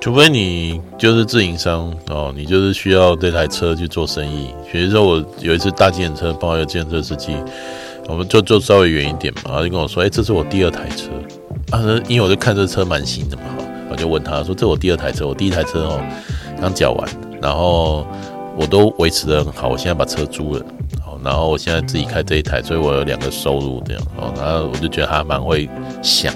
除非你就是自營商哦，你就是需要這台車去做生意。比如說我有一次搭計程車，包括一個計程車司機，我們就就稍微遠一點嘛，他就跟我說：“哎、欸，這是我第二台車。啊”當時因為我就看這車蠻新的嘛。”我就問他說：“這是我第二台車，我第一台車哦剛繳完，然後我都維持得很好。我現在把車租了，好，然後我現在自己開這一台，所以我有兩個收入這樣。”哦，然後我就覺得他蠻會想。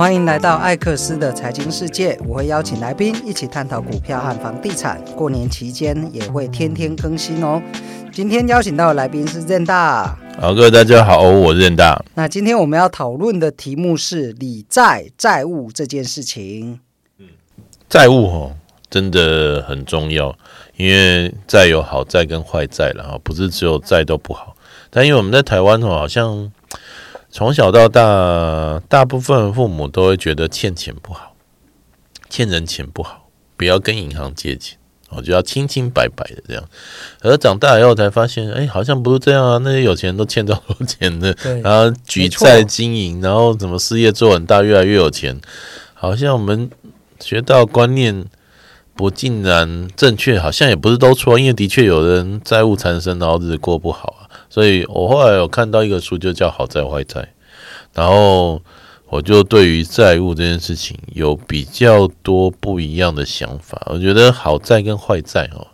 歡迎來到艾克斯的財經世界，我會邀請來賓一起探討股票和房地產。過年期間也會天天更新哦。今天邀請到的來賓是 Zen 大，好，各位大家好，哦、我是 Zen 大。那今天我們要討論的題目是理債債務這件事情。債務吼、哦、真的很重要，因為債有好債跟壞債了哈，不是只有債都不好。但因為我們在台灣吼、哦、好像。從小到大，大部分父母都會覺得欠錢不好，欠人錢不好，不要跟銀行借錢，我覺得清清白白的這樣。而長大以後才發現，哎、欸，好像不是這樣啊！那些有錢人都欠多少錢的，對然後舉債經營，錯然後怎麼事業做很大，越來越有錢。好像我們學到觀念不盡然正確，好像也不是都錯，因為的確有人債務纏身，然後日子過不好啊。所以我後來有看到一個書，就叫好債壞債，然後我就對於債務這件事情有比較多不一樣的想法。我覺得好債跟壞債哦，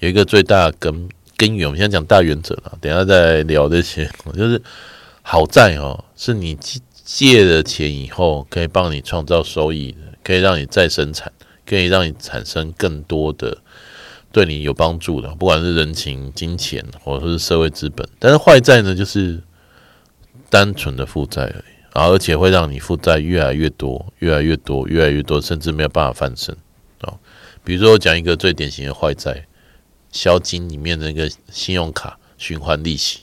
有一個最大的根根源，我們現在講大原則啦，等一下再聊這些。就是好債哦，是你借了錢以後，可以幫你創造收益，可以讓你再生產，可以讓你產生更多的。對你有幫助的，不管是人情、金錢，或者是社會資本。但是壞債呢，就是單純的負債而已，而且會讓你負債越來越多、越來越多、越來越多，甚至沒有辦法翻身。哦，比如說，我講一個最典型的壞債，消金裡面的那個信用卡循環利息。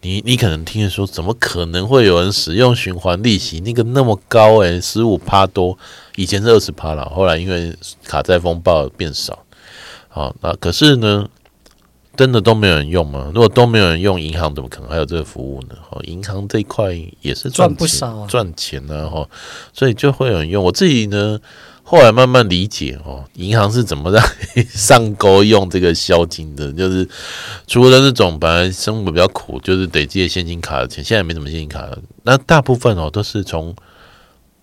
你你可能聽的說，怎麼可能會有人使用循環利息？那個那麼高哎、欸，十五趴多，以前是二十趴啦，後來因為卡債風暴變少。好、哦，那可是呢，真的都沒有人用嗎？如果都沒有人用，銀行怎麼可能還有這個服務呢？好、哦，銀行這一塊也是賺不少賺、啊、錢啊。哈、哦，所以就會有人用。我自己呢，後來慢慢理解哦，銀行是怎麼讓你上鈎用這個消金的，就是除了那種本來生活比較苦，就是得借現金卡的錢，現在沒什麼現金卡了，那大部分哦都是從。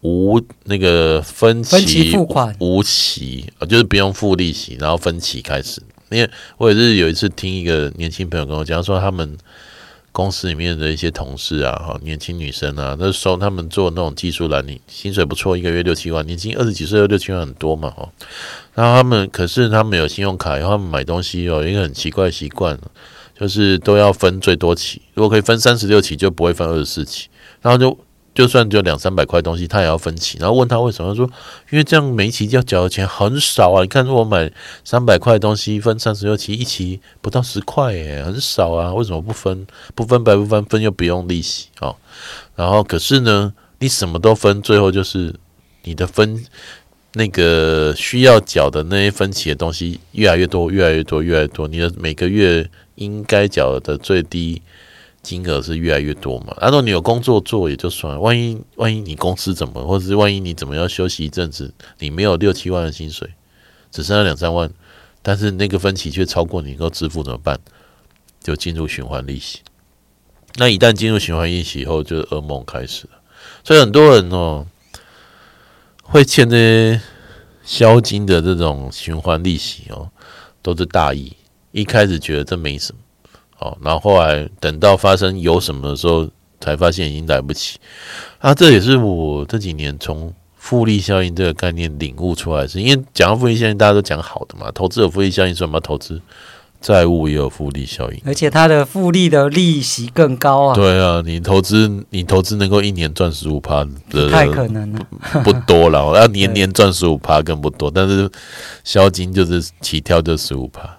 無那個分期，分期付款，無息啊，就是不用付利息，然後分期開始。因為我也是有一次聽一個年輕朋友跟我講，說他們公司裡面的一些同事啊，哈，年輕女生啊，那時候他們做那種技術藍領薪水不錯，一個月六七萬，年輕二十幾歲，六七萬很多嘛，然後他們可是他們有信用卡，然後他們買東西哦，有一個很奇怪的習慣，就是都要分最多期，如果可以分三十六期，就不會分二十四期，然後就。就算就兩三百塊東西，他也要分期。然後問他為什麼，他說：“因為這樣每一期要繳的錢很少啊！你看，我買三百塊東西，分三十六期，一期不到十塊，哎，很少啊！為什麼不分？不分白不分，分又不用利息哦。然後，可是呢，你什麼都分，最後就是你的分那個需要繳的那些分期的東西越來越多，越來越多，越來越多，越來越多，你的每個月應該繳的最低。”金額是越來越多嘛。啊，如果你有工作做也就算了，萬一萬一你公司怎麼，或者是萬一你怎麼要休息一陣子，你沒有六七萬的薪水，只剩下兩三萬，但是那個分期卻超過你能夠、那個、支付怎麼辦？就進入循環利息。那一旦進入循環利息以後，就是噩夢開始了。所以很多人哦，會欠這些消金的這種循環利息哦，都是大意，一開始覺得這沒什麼。哦，然後後來等到發生有什麼的時候，才發現已經來不及。啊，這也是我這幾年從複利效應這個概念領悟出來，是因為講到複利效應，大家都講好的嘛。投資有複利效應算什麼？投資債務也有複利效應，而且它的複利的利息更高啊。對啊，你投資你投資能夠一年賺十五趴的不太可能了、啊，不多了，要年年賺十五趴更不多。但是消金就是起跳就十五趴。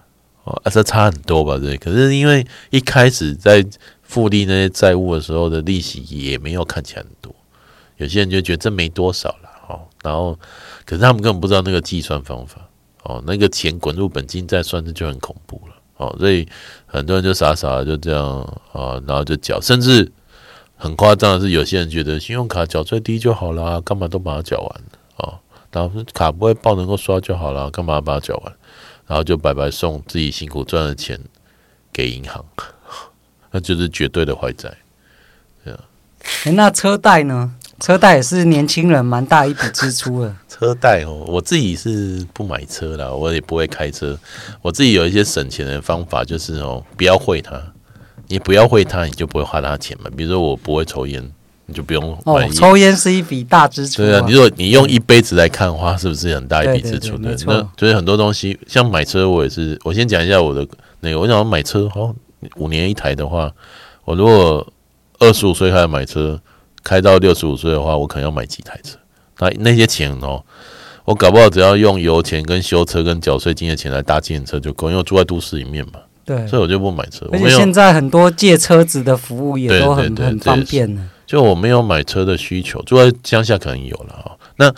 哦，啊，這差很多吧，對。可是因為一開始在複利那些債務的時候的利息也沒有看起來很多，有些人就覺得這沒多少了，哦。然後，可是他們根本不知道那個計算方法，哦，那個錢滾入本金再算，這就很恐怖了，哦。所以很多人就傻傻的就這樣，啊、哦，然後就繳，甚至很誇張的是，有些人覺得信用卡繳最低就好啦，幹嘛都把它繳完，哦，然後卡不會爆，能夠刷就好啦，幹嘛把它繳完？然後就白白送自己辛苦賺的錢給銀行，那就是絕對的壞債，對啊。哎，那車貸呢？車貸也是年輕人蠻大一筆支出啊。車貸哦，我自己是不買車啦，我也不會開車。我自己有一些省錢的方法，就是哦，不要會它，你不要會它，你就不會花它錢嘛。比如說，我不會抽菸。你就不用買哦，抽煙是一筆大支出啊。對啊，你如果你用一輩子來看花，對是不是很大一筆支出呢？那所以很多東西，像買車，我也是，我先講一下我的那個。我想買車，好，哦，五年一台的話，我如果二十五歲開始買車，開到六十五歲的話，我可能要買幾台車。那那些錢哦，我搞不好只要用油錢、跟修車、跟繳稅金的錢來搭計程車就夠，因為我住在都市裡面嘛。對，所以我就不買車。而且現在很多借車子的服務也都很對對對對，很方便的啊。就我沒有買車的需求，住在鄉下可能有了哈、喔。那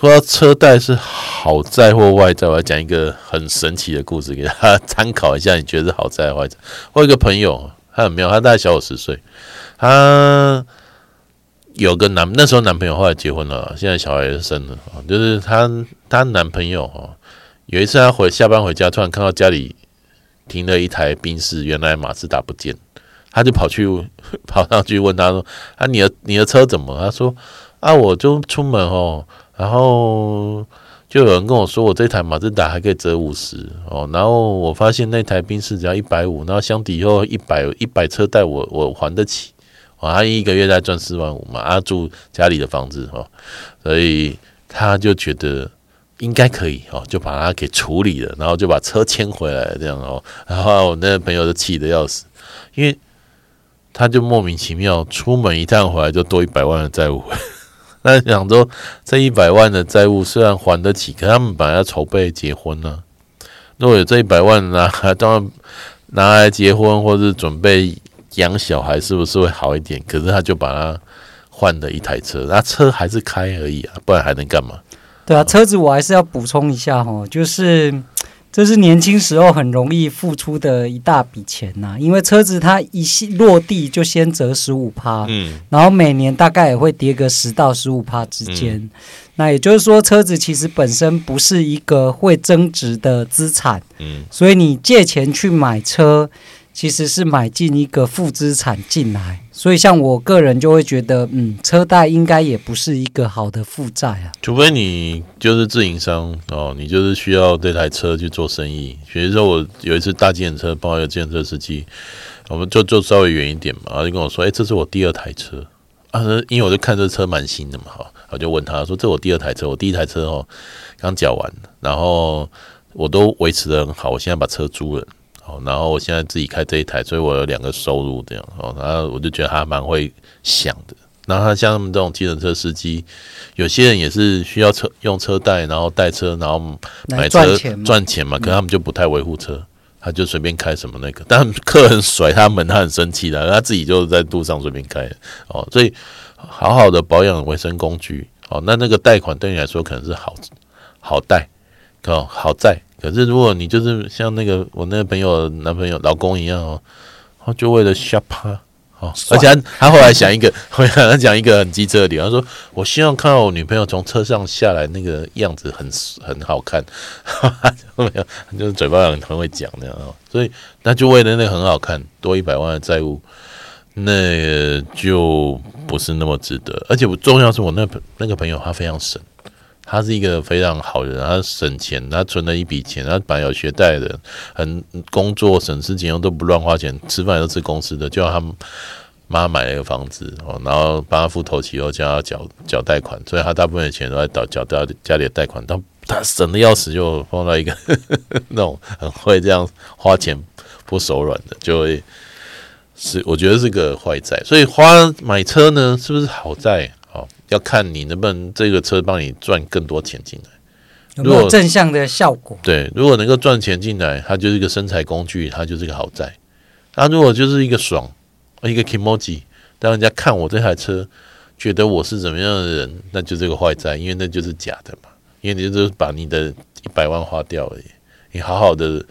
說到車貸是好債或壞債，我要講一個很神奇的故事給他參考一下。你覺得是好債還是壞債？我有一個朋友，他很妙，他大概小我十歲，他有個男，那時候男朋友後來結婚了，現在小孩也生了啊。就是他他男朋友哈、喔，有一次他回下班回家，突然看到家裡停了一台賓士，原來馬自達不見。他就跑去跑上去問他說：“啊，你的你的車怎麼？”他說：“啊，我就出門哦，然後就有人跟我說，我這台馬自達還可以折五十哦。然後我發現那台賓士只要一百五，然後相抵後一百一百車貸，我我還得起。我還一個月在賺四萬五嘛，啊，住家裡的房子哦，所以他就覺得應該可以哦，就把它給處理了，然後就把車牽回來這樣哦。然後我那個朋友就氣得要死，因為。他就莫名其妙出門一趟回來就多一百萬的債務，那想說這一百萬的債務雖然還得起，可他們本來要籌備結婚呢，如果有這一百萬那，當然拿來結婚或是準備養小孩，是不是會好一點？可是他就把它換了一台車，那車還是開而已啊，不然還能幹嘛？對啊，車子我還是要補充一下哦，就是。這是年輕時候很容易付出的一大筆錢吶，啊，因為車子它一落地就先折十五趴，嗯，然後每年大概也會跌個十到十五趴之間。嗯，那也就是說，車子其實本身不是一個會增值的資產，嗯，所以你借錢去買車，其實是買進一個負資產進來。所以，像我個人就會覺得，嗯，車貸應該也不是一個好的負債啊，除非你就是自營商哦，你就是需要這台車去做生意。比如說，我有一次搭計程車，包一個計程車司機，我們就就稍微遠一點嘛，他就跟我說：“哎、欸，這是我第二台車。”啊，因為我就看這車蠻新的嘛，好，我就問他說：‘這是我第二台車，我第一台車哦，剛繳完，然後我都維持得很好，我現在把車租了。”哦，然後我現在自己開這一台，所以我有兩個收入這樣。哦，然後我就覺得他蠻會想的。然後，像他們這種計程車司機，有些人也是需要車用車貸，然後貸車，然後買車賺錢嘛，賺錢嘛。可他們就不太維護車，嗯、他就隨便開什麼那個。但客人甩他們，他很生氣的、啊，他自己就在路上隨便開。哦，所以好好的保養衛生工具。哦，那那個貸款對你來說可能是好好貸，哦，好債。可是，如果你就是像那個我那個朋友男朋友老公一樣哦，他就為了嚇趴哦，帥而且他，他後來講一個，後來他講一個很機車的點，他說我希望看到我女朋友從車上下來那個樣子很很好看，哈哈就沒有，就是嘴巴很會講那樣哦，所以那就為了那個很好看，多一百萬的債務，那就不是那麼值得，而且我重要是我那朋、個、那個朋友他非常省。他是一個非常好人，他省錢，他存了一筆錢，他本來有學貸的人，很工作省吃儉用都不亂花錢，吃飯都吃公司的，就讓他媽買了一個房子哦，然後幫他付頭期，又叫他繳繳貸款，所以他大部分的錢都在繳繳家裡的貸款，他他省的要死，就碰到一個呵呵那種很會這樣花錢不手軟的，就會是我覺得是個壞債，所以花買車呢，是不是好債？要看你能不能這個車幫你賺更多錢進來，有沒有正向的效果？對，如果能夠賺錢進來，它就是一個生財工具，它就是一個好債。那如果就是一個爽，一個 Kimoji，當人家看我這台車，覺得我是怎麼樣的人，那就是個壞債，因為那就是假的嘛。因為你就是把你的一百萬花掉而已。你好好的，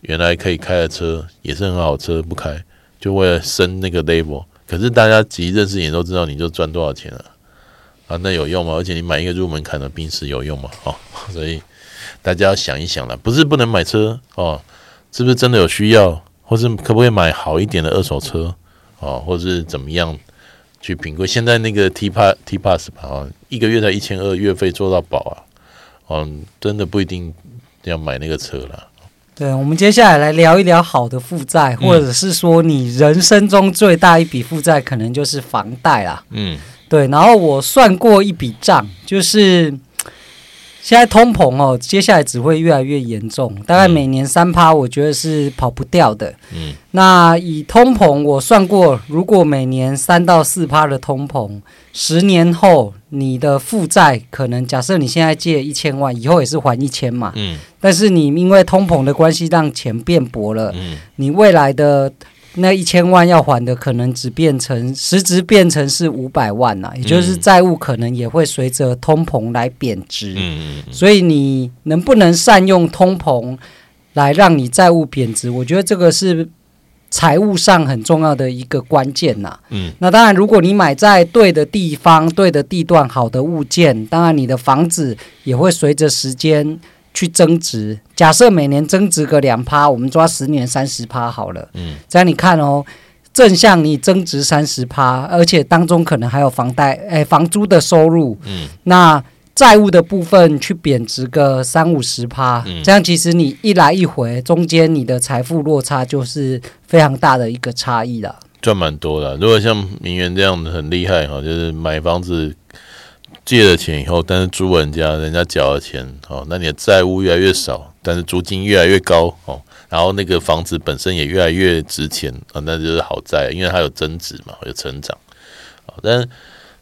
原來可以開的車也是很好車，不開就為了升那個 level。可是大家急認識你都知道，你就賺多少錢了。啊，那有用嗎？而且你買一個入門款的賓士有用嗎？哦，所以大家要想一想了，不是不能買車哦，是不是真的有需要，或是可不可以買好一點的二手車哦，或是怎麼樣去評估？現在那個 T Pass T Pass 吧，一個月才一千二，月費做到飽啊，嗯，真的不一定要買那個車了。對，我們接下來來聊一聊好的負債，嗯、或者是說你人生中最大一筆負債可能就是房貸啦。嗯。對，然後我算過一筆賬，就是現在通膨哦，接下來只會越來越嚴重，大概每年三趴，我覺得是跑不掉的。嗯，那以通膨，我算過，如果每年三到四趴的通膨，十年後你的負債可能，假設你現在借一千萬，以後也是還一千嘛。嗯，但是你因為通膨的關係，讓錢變薄了。嗯，你未來的。那一千萬要還的可能只變成實質變成是五百萬啊，也就是債務可能也會隨着通膨來貶值。所以你能不能善用通膨來讓你債務貶值？我覺得這個是財務上很重要的一個關鍵啊。那當然，如果你買在對的地方、對的地段、好的物件，當然你的房子也會隨着時間去增值，假設每年增值個兩趴，我們抓十年三十趴好了。嗯，這樣你看哦、喔，正向你增值三十趴，而且當中可能還有房貸、欸、房租的收入。嗯，那債務的部分去貶值個三五十趴，嗯、這樣其實你一來一回，中間你的財富落差就是非常大的一個差異了。賺蠻多的、啊，如果像名媛這樣的很厲害哈，就是買房子。借了錢以後，但是租人家，人家繳了錢哦，那你的債務越來越少，但是租金越來越高哦，然後那個房子本身也越來越值錢啊，那就是好債，因為它有增值嘛，有成長。好，但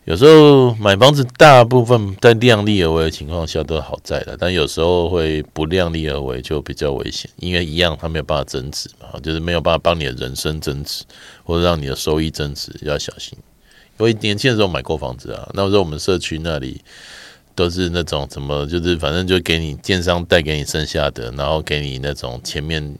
有時候買房子，大部分在量力而為的情況下都是好債的，但有時候會不量力而為就比較危險，因為一樣它沒有辦法增值嘛，就是沒有辦法幫你的人生增值，或者讓你的收益增值，要小心。因為年輕的時候買過房子啊，那時候我們社區那裡都是那種什麼，就是反正就給你建商帶給你剩下的，然後給你那種前面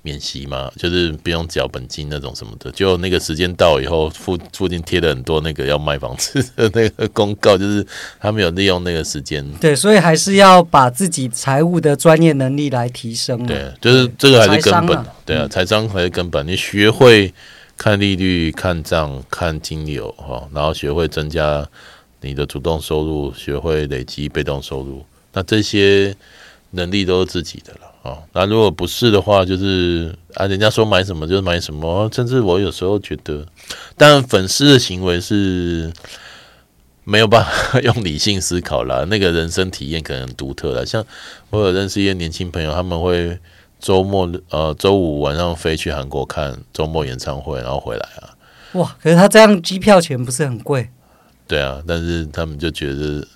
免息嘛，就是不用繳本金那種什麼的。就那個時間到以後，附附近貼了很多那個要賣房子的那個公告，就是他們有利用那個時間。對，所以還是要把自己財務的專業能力來提升。對，就是這個還是根本。啊對啊，財商還是根本，你學會。看利率、看賬、看金流，哈，然後學會增加你的主動收入，學會累積被動收入，那這些能力都是自己的了，啊，那如果不是的話，就是啊，人家說買什麼就是買什麼，甚至我有時候覺得，但粉絲的行為是沒有辦法用理性思考啦。那個人生體驗可能很獨特啦，像我有認識一些年輕朋友，他們會。週末呃，週五晚上飛去韓國看週末演唱會，然後回來啊。哇！可是他這樣機票錢不是很貴？對啊，但是他們就覺得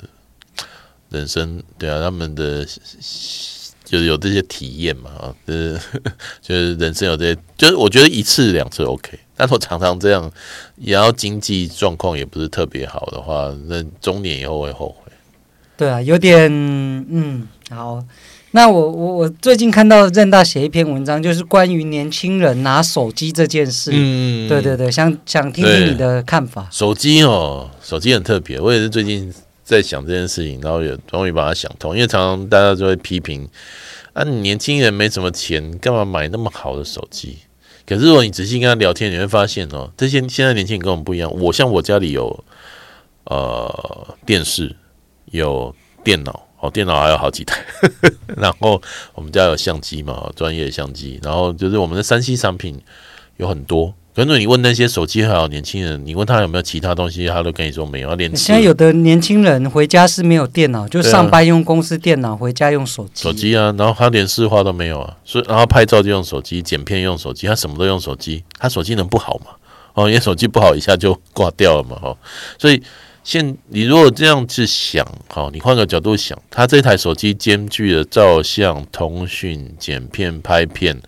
人生對啊，他們的就是有這些體驗嘛啊，就是 就是人生有這些，就是我覺得一次兩次 OK，但是我常常這樣，然後經濟狀況也不是特別好的話，那中年以後會後悔。對啊，有點嗯，然後。那我我我最近看到 Zen 大寫一篇文章，就是關於年輕人拿手機這件事。嗯，對對對，想想聽聽你的看法。手機哦，手機很特別，我也是最近在想這件事情，然後也終於把它想通。因為常常大家就會批評啊，你年輕人沒什麼錢，幹嘛買那麼好的手機？可是如果你仔細跟他聊天，你會發現哦，這些現在年輕人跟我們不一樣。我像我家裡有呃電視，有電腦。哦，電腦還有好幾台，呵呵，然後我們家有相機嘛，專業相機，然後就是我們的三 C 商品有很多。可是你問那些手機還有年輕人，你問他有沒有其他東西，他都跟你說沒有。他連現在有的年輕人回家是沒有電腦，就上班用公司電腦，啊、回家用手機，手機啊，然後他連視化都沒有啊，所以然後拍照就用手機，剪片，用手機，他什麼都用手機，他手機能不好嗎？哦，因為手機不好一下就掛掉了嘛，哈、哦，所以。現你如果這樣去想，好，你換個角度想，他這台手機兼具了照相、通訊、剪片、拍片，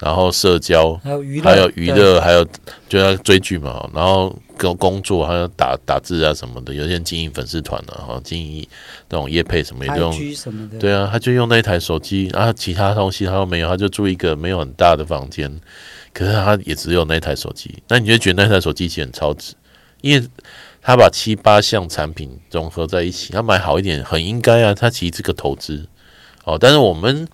然後社交，還有娛樂，還有，對還有就要追劇嘛，好，然後跟工作，還有打打字啊什麼的，有些經營粉絲團的、啊、哈，經營那種業配什麼，也都用對啊，他就用那一台手機，然後啊，其他東西他都沒有，他就住一個沒有很大的房間，可是他也只有那一台手機，那你就覺得那台手機其實很超值，因為。嗯他把七八項產品融合在一起，他買好一點很應該啊。他其實這個投資，哦，但是我們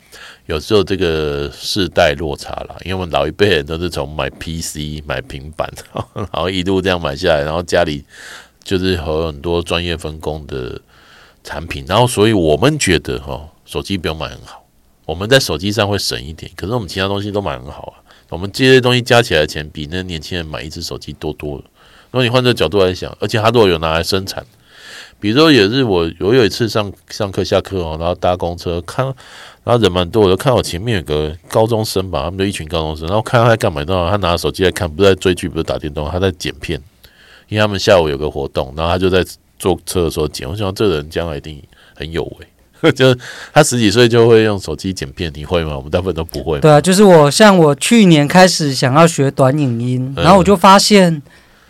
有時候這個世代落差啦，因為我們老一輩人都是從買 PC、買平板，呵呵，然後一路這樣買下來，然後家裡就是和很多專業分工的產品，然後所以我們覺得哈、哦，手機不用買很好，我們在手機上會省一點，可是我們其他東西都買很好啊，我們這些東西加起來的錢比那年輕人買一隻手機多多了。所以你換這個角度來想，而且他如果有拿來生產，比如說也是我，我有一次上上課下課哦，然後搭公車看，然後人蠻多，我就看到我前面有個高中生吧，他們就一群高中生，然後看他在幹嘛你知道嗎？他拿着手機在看，不是在追劇，不是打電動，他在剪片，因為他們下午有個活動，然後他就在坐車的時候剪。我想這個人將來一定很有為，就是他十幾歲就會用手機剪片，你會嗎？我們大部分都不會。對啊，就是我，像我去年開始想要學短影音，嗯、然後我就發現。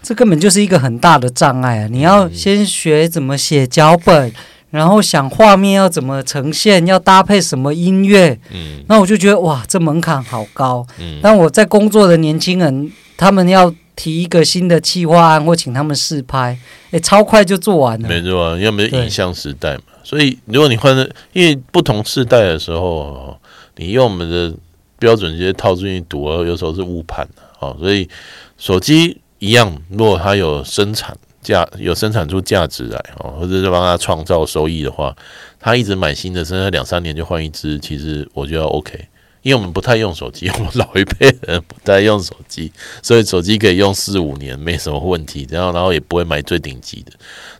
這根本就是一個很大的障礙啊！你要先學怎麼寫腳本，嗯、然後想畫面要怎麼呈現，要搭配什麼音樂。嗯，那我就覺得哇，這門檻好高。嗯，但我在工作的年輕人，他們要提一個新的企劃案或請他們試拍，哎，超快就做完了。沒錯，啊，因為我們是影像時代嘛。對所以如果你換了，因為不同世代的時候，你用我們的標準直接套進去讀，有時候是誤判的啊。所以手機。一樣，如果他有生產價有生產出價值來哦，或者是幫他創造收益的話，他一直買新的，甚至兩三年就換一支。其實我覺得 OK，因為我們不太用手機，我們老一輩人不太用手機，所以手機可以用四五年沒什麼問題。然後，然後也不會買最頂級的，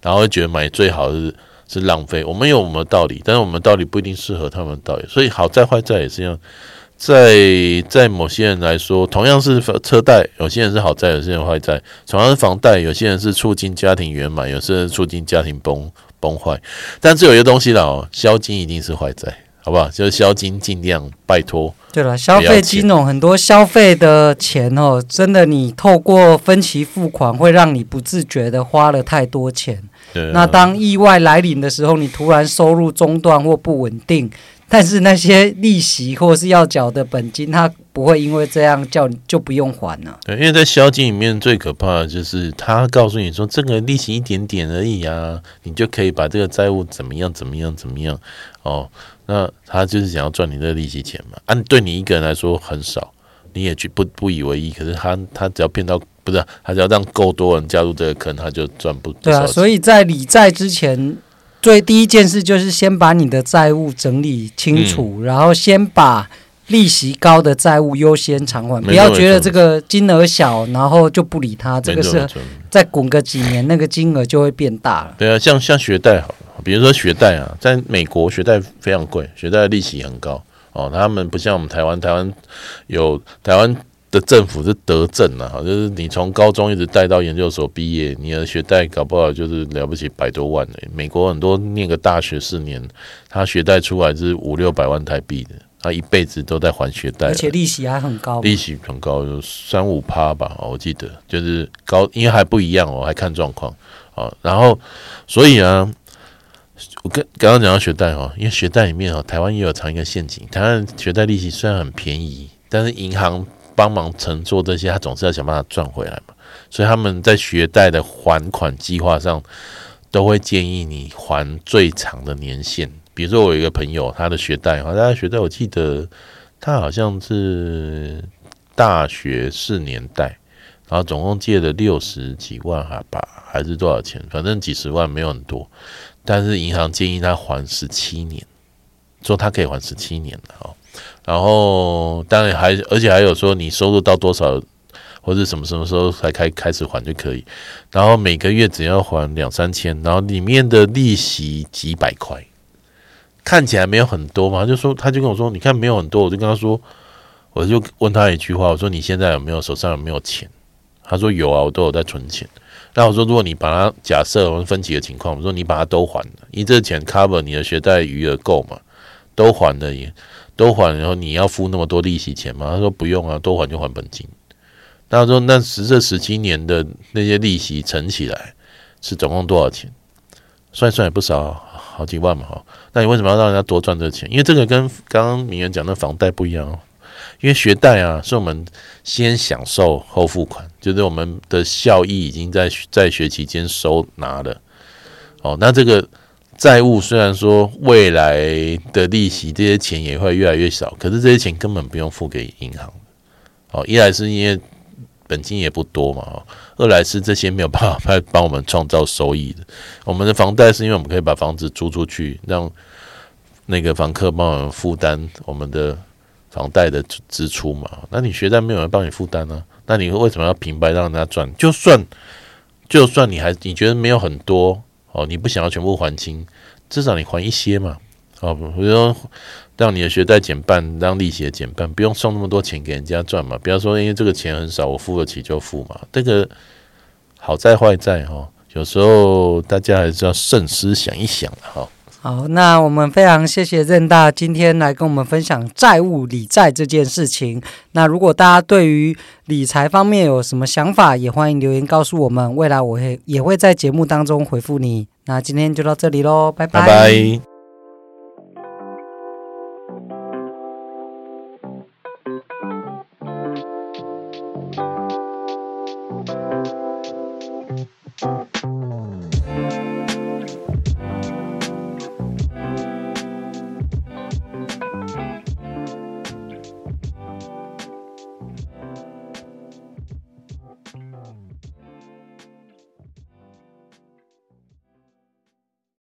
然後會覺得買最好的是是浪費。我們有我們的道理，但是我們道理不一定適合他們的道理。所以好債壞債也是這樣。在在某些人來說，同樣是車貸，有些人是好債，有些人壞債；同樣是房貸，有些人是促進家庭圓滿，有些人是促進家庭崩崩壞。但是有一個東西啦，哦，消金一定是壞債，好不好？就是消金盡量拜託。對了，消費金融很多消費的錢哦，真的，你透過分期付款，會讓你不自覺的花了太多錢。對啊。那當意外來臨的時候，你突然收入中斷或不穩定。但是那些利息或是要繳的本金，他不會因為這樣叫你就不用還了。對，因為在消金裡面最可怕的就是他告訴你說這個利息一點點而已啊，你就可以把這個債務怎麼樣怎麼樣怎麼樣哦。那他就是想要賺你的利息錢嘛。按、啊、對你一個人來說很少，你也去不不以為意。可是他他只要騙到不是、啊、他只要讓夠多人加入這個坑，他就賺不多錢。對啊，所以在理債之前。所以第一件事就是先把你的債務整理清楚，然後先把利息高的債務優先償還，不要覺得這個金額小，然後就不理它。這個是再滾個幾年，那個金額就會變大了。對啊，像像學貸好了，比如說學貸啊，在美國學貸非常貴，學貸利息很高哦。他們不像我們台灣，台灣有台灣。政府是德政啊，就是你從高中一直帶到研究所畢業，你的學貸搞不好就是了不起百多萬欸。美國很多念個大學四年，他學貸出來是五六百萬台幣的，他一輩子都在還學貸，而且利息還很高。利息很高，有三五趴吧，我記得就是高，因為還不一樣哦，我還看狀況啊。然後，所以啊，我跟剛剛講到學貸哦，因為學貸裡面哦，台灣也有藏一個陷阱。台灣學貸利息雖然很便宜，但是銀行，幫忙乘坐這些，他總是要想辦法賺回來嘛。所以他們在學貸的還款計劃上，都會建議你還最長的年限。比如說，我有一個朋友，他的學貸哈，他的學貸，我記得他好像是大學四年貸，然後總共借了六十幾萬，啊，哈吧，還是多少錢？反正幾十萬，沒有很多。但是銀行建議他還十七年，說他可以還十七年了哦。然後當然還，而且還有說你收入到多少，或者什麼什麼時候才開開始還就可以。然後每個月只要還兩三千，然後裡面的利息幾百塊，看起來沒有很多嘛。他就說他就跟我說，你看沒有很多，我就跟他說，我就問他一句話，我說你現在有沒有手上有沒有錢？他說有啊，我都有在存錢。那我說如果你把它假設我們分幾個情況，我說你把它都還了，因為這個錢 cover 你的學貸餘額夠嘛？都還了也。都還，然後你要付那麼多利息錢嗎？他說不用啊，多還就還本金。他說那十這十七年的那些利息乘起來是總共多少錢？算算也不少，好幾萬嘛哈。那你為什麼要讓人家多賺這錢？因為這個跟剛剛明遠講的房貸不一樣哦，因為學貸啊是我們先享受後付款，就是我們的效益已經在學在學期間收拿了。哦，那這個。債務雖然說未來的利息這些錢也會越來越少，可是這些錢根本不用付給銀行哦，一來是因為本金也不多嘛，二來是這些沒有辦法幫我們創造收益的。我們的房貸是因為我們可以把房子租出去，讓那個房客幫我們負擔我們的房貸的支出嘛。那你學貸沒有人幫你負擔呢？那你為什麼要平白讓人家賺？就算就算你還你覺得沒有很多。哦，你不想要全部還清，至少你還一些嘛。哦，比如說，讓你的學貸減半，讓利息也減半，不用送那麼多錢給人家賺嘛。比方說，因為這個錢很少，我付得起就付嘛。這個好債壞債哈，有時候大家還是要慎思想一想的哈。哦好，那我們非常謝謝 Zen 大今天來跟我們分享債務、理債這件事情。那如果大家對於理財方面有什麼想法，也歡迎留言告訴我們，未來我會也會在節目當中回復你。那今天就到這裡嘍，拜拜。Bye bye。